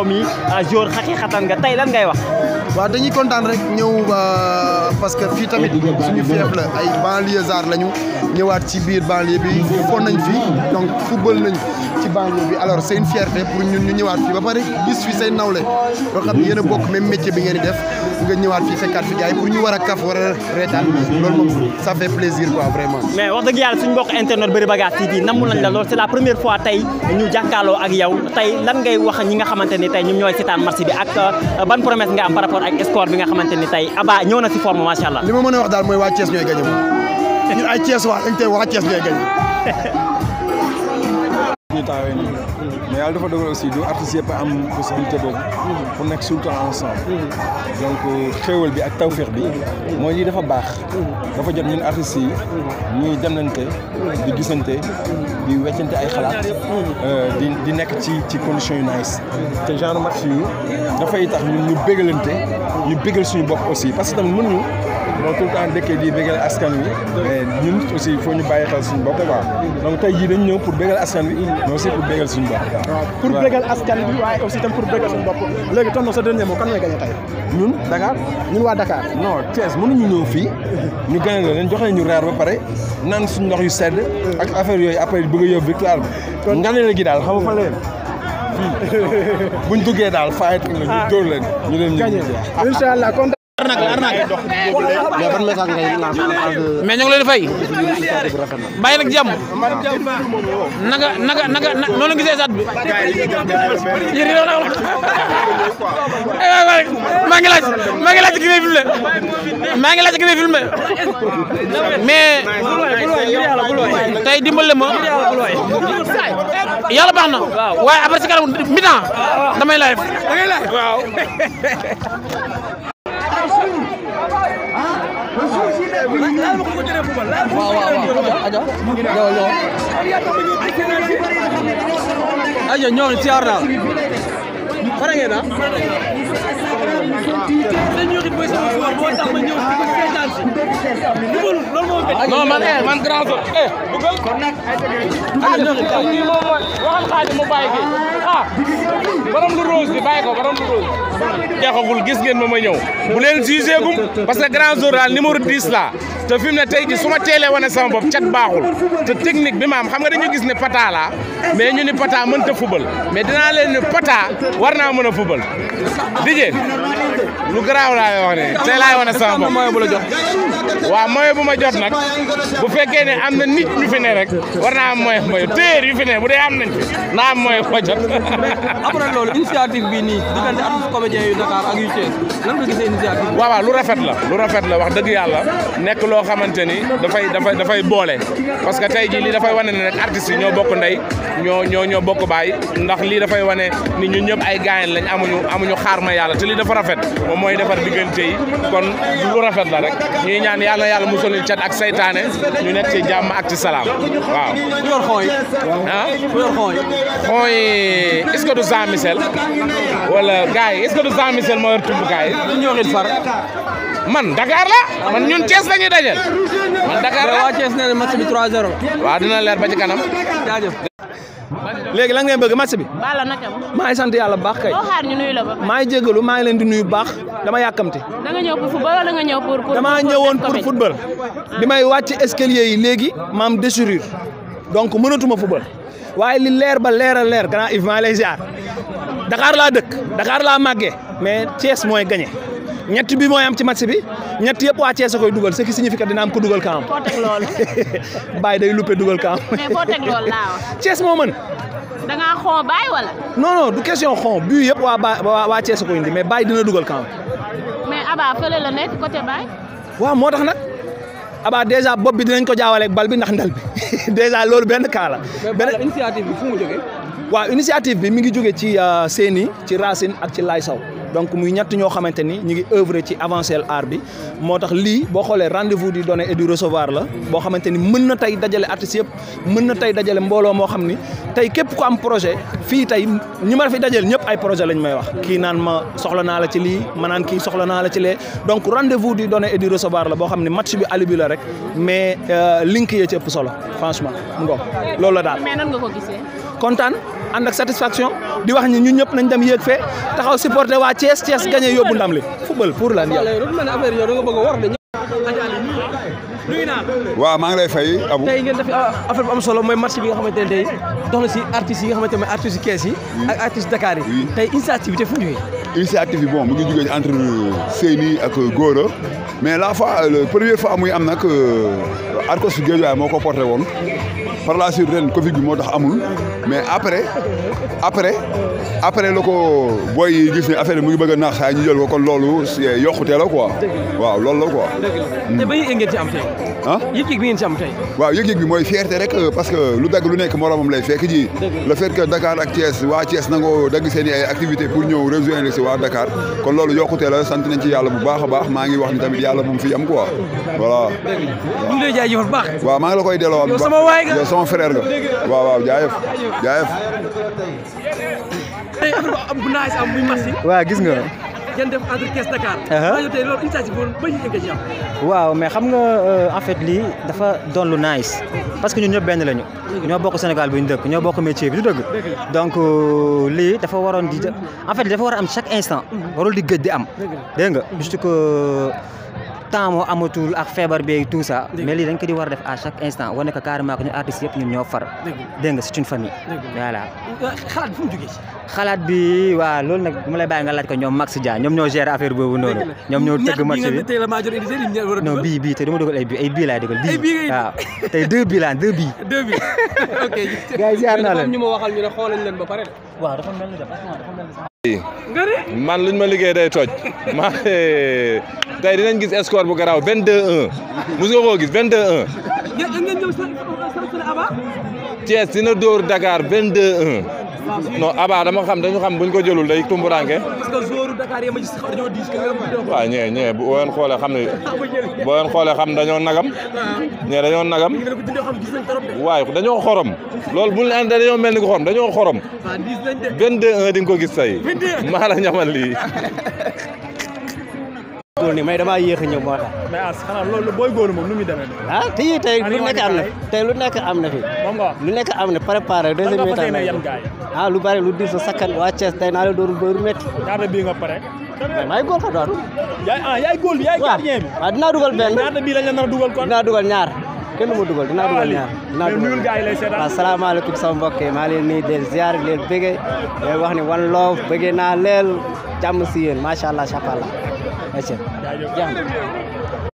yow mi ah, jour xaqiqatan nga tey lan ngay wax. waaw dañuy kontaan rek ñëw parce que fii tamit suñu fief la ay banlieusards lañu ñëwaat ci biir banlieue bi fon nañ fi donc football nañ ci banlieue bi alors c'est une fierté pour ñun ñu ñëwaat fii ba pare gis fi say nawle loo xam ne a bokk même métier bi ngeen def nga ñëwaat fii fekkaat fi gars yi pour ñu war a kaf war a reetaan loolu moom ça fait plaisir quoi vraiment. mais wax dëgg yàlla suñu mbokk internet Bari Bagages TV namu lañ la lool c'est la première fois tey ñu jàkkaarloo ak tey ñoom ñooy seetaan match bi ak euh, ban promesse nga am par rapport ak score bi nga ni tey Aba ñëw si forme macha allah. li a wax daal mooy waa Thiès ñooy gañe ay Thiès waa dañ tey waa ñooy gañe ñu taawee nii mais yàlla dafa dogal aussi du artistes yëpp am possibilité boobu pour nekk tout ensemble donc xéewal bi ak tawféex bi mooy lii dafa baax dafa jot ñun artistes yi ñuy demlante di gisante di weccante ay xalaat euh, di di nekk ci ci condition yu nice te genre match yi dafay tax ñun ñu bégalante ñu bégal suñu bopp aussi parce que tamit mën ñu moo tout le temps dëkkee di bégal askan wi mais ñun aussi il ñu bàyyi xel suñu bopp quoi donc tey jii dañ ñëw pour bégal askan wi mais aussi pour bégal suñu bopp pour bégal askan wi waaye aussi tam pour bégal suñu bopp waa Dakar non Thiès mënuñu fii ñu gagné la leen jox nañu reer ba pare naan suñu ndox yu sedd ak affaire yooyu après bëgg a yóbbu victoire bi ngane la gi daal xam nga fa leen buñ duggee daal faayet ñu ah. dóor leen ñu leen ñu incha allah arnaque la leen fay bàyyi nag jàmm naga naga naga noonu bi yéen eh, maa ngi laaj maa ngi laaj ki ngay filmé maa ngi laaj ki ngay filmé ma yàlla baax na waaye après si kanam mi damay live waaw aja ñoo siyaar naa pare ngeen ah dañu ñëw it mooy sama boo tax ma ñëw di ko seetaan si non man eh, man grand so eh dugal moom mooy waxal xaaji mu ah, borom lu rose bi bàyyi ko borom lu rose jeexagul gis ngeen ma ma ñëw bu leen jugé parce que grand journal numéro 10 la te fi tey ji su ma teelee wane sama bopp cat baaxul te technique bi maam xam nga dañu gis ne pata la mais ñu ni pata mën ta fubal mais dinaa leen ne pata war naa mën a fubal dijee lu garaaw laa wax ne tey laay sama bopp waaw mooy bu ma jot nag bu fekkee ne am na nit ñu fi ne rek war naa am mooy mooy téer yu fi ne bu dee am nañ fi naa am mooy xojot après bi nii diggante artiste lu rafet la lu rafet la wax dëgg yàlla nekk loo xamante ni dafay dafay dafay boole parce que tey ji lii dafay wane ne rek artistes ñoo bokk ndey ñoo ñoo ñoo bokk baay ndax lii dafay wane ni ñu ñëpp ay gaayen lañ amuñu amuñu xaar ma yàlla te lii dafa rafet moom mooy defar diggante yi kon lu rafet la rek ñuy ñaan yàlla yàlla musul cat ak sayt waxtaane ñu nekk ci jàmm ak ci salaam waaw. ku yor xooy. ah ku yor xooy. xooy est-ce que du Jean Michel wala gars yi est man Dakar la man ñun Thiès la ñuy dajal. man Dakar la bi 3-0. waaw dina leer ba kanam. léegi lan ngeen bëgg match bi. bala naka maa ngi sant yàlla baax kay. maa ngi jégalu maa ngi leen di nuyu bu baax dama yàkkamti. da nga ñëw pour football wala nga ñëw pour. pour damaa ñëwoon pour football. Ah. bi may wàcc escalier yi léegi maam déchirure donc mënatuma football waaye li leer ba leera leer grand Yves maa lay ziar Dakar laa dëkk Dakar laa màggee mais Thiès mooy gagné. ñett bi moo am ci match bi ñett yëpp waa Thiès a koy dugal ce qui signifie que dina ko dugal kaam. foo teg loolu. Baye day luppe dugal kaam. mais moo mën. da ngaa xon Baye wala. non non du question xon bu yëpp waa Ba waa Thiès ko indi mais Baye dina dugal camp. mais Aba fële la nekk côté Baye. waaw moo tax nag Aba dèjà bopp bi dinañ ko jaawale bal bi nax ndal bi dèjà loolu benn cas la. benn initiative bi fu mu waaw initiative bi mi ngi jógee ci euh, Séni ci rasin ak ci Laye Sow. donc muy ñett ñoo xamante ni ñu ngi œuvre ci avancel art bi moo tax lii boo xoolee rendez-vous du donner di recevoir la boo xamante ni mën na tey dajale artistes yëpp mën na tey dajale mbooloo moo xam ni tey képp ku am projet fii tey ñu ma fi dajale ñëpp ay projet lañ may wax kii naan ma soxla naa la ci lii ma naan kii soxla naa la ci lee donc rendez-vous du donner di recevoir la boo xam ni match bi alibi la rek mais euh, link yee ci ëpp solo franchement mu ngoog loolu la daal. ànd ak satisfaction di wax ñi ñun ñëpp nañ dem yéeg fee taxaw supporter waa Thiès Thiès gagné yóbbu ndam li football pour lan yàlla. waaw maa ngi lay fay Abou. tey ngeen def ah, affaire am solo mooy match bi nga xamante ne tey dox na si artistes yi nga xamante ne mooy artistes Kees yi. ak Dakar yi. tey initiative fu ñëwee. initiative bi bon mu ngi jógee entre Seyni ak Gora mais la fois la première muy am nag euh, Arcos Guédiawaye moo ko porté woon par la suite ren Covid bi moo tax amul mais après après après la ko booy yi gis ne affaire mu ngi bëgg a naax ñu jël ko kon loolu yokkute la quoi. waaw loolu la quoi. ah yëg-yëg ngeen ci tey waaw yëg-yëg bi mooy fierté rek euh, parce que lu dagg lu nekk moromam lay fekk ji la fekk que Dakar ak Thiès waa Thiès nangoo dagg seen i ay activité pour ñëw rejoindre si waa Dakar kon loolu yokkutee la sant nañ ci yàlla bu baax a baax maa ngi wax ni tamit yàlla moom fi am quoi voilà ñu ngi waaw maa ngi la koy delloo yow sama waay nga yow sama frère nga waaw waaw jaajëf jaajëf gis nga ngeen def entre waaw mais xam nga euh, en fait lii dafa don lu nice parce que ñun ñëpp benn lañu. ñoo bokk Sénégal bu ñu dëkk ñoo bokk métier bi du dëgg. donc euh, lii dafa waroon di en fait dafa war a am chaque instant. warul di gëj di am. dégg nga juste que. temps moo amatul a feebar beeg tout ça. mais lii dañ di war def à chaque instant wane ko carrément que ñu artistes ñun ñoo far. dégg nga c'est une famille. voilà. xalaat bi waa mu jógee xalaat bi waaw loolu nag bu ma lay nga laaj ko ñoom Max Dia ñoom ñoo gérer affaire boobu noonu. ñoom ñoo tëgg match bi non bii bii te dama dugal ay bii ay bii dugal bii waaw tey deux bii laan deux bii. deux waaw dafa mel man luñ ma liggéey day toj ma tey dinañ gis score bu garaaw 22 1 mos nga koo gis 22 1. Thiès dina dóor Dakar 22 1. non Aba dama xam dañu xam buñ ko jëlul day tumburanke waaw ñee ñee boo leen xoolee xam ne boo leen xoolee xam dañoo nagam ah. ñee dañoo nagam waaye dañoo xorom loolu buñ leen dañoo mel ni ko xorom dañoo xorom ah, vingt-deux un di nga ko gis tey maa la ñamal lii ni may damaa yéex a ñëw moo tax mais as xanaa loolu booy góor moom nu muy demee ah tey nekk am na tey lu nekk am na fi lu ah lu bari lu diis sa sakkan waa Thiès tey naa leen dooru dooru métti. ñaata bii nga pare. ka doon. yaay ah bi yaay gardien bi. waaw ah, dinaa dugal benn. ñaata bii dugal kon. dinaa dugal ñaar kenn du ma dugal dinaa dugal ñaar. dinaa dugal mais gars yi lay seetaan. waaw ah, mbokk yi wax ni one love bëggee naa leel jàmm si yéen macha allah macha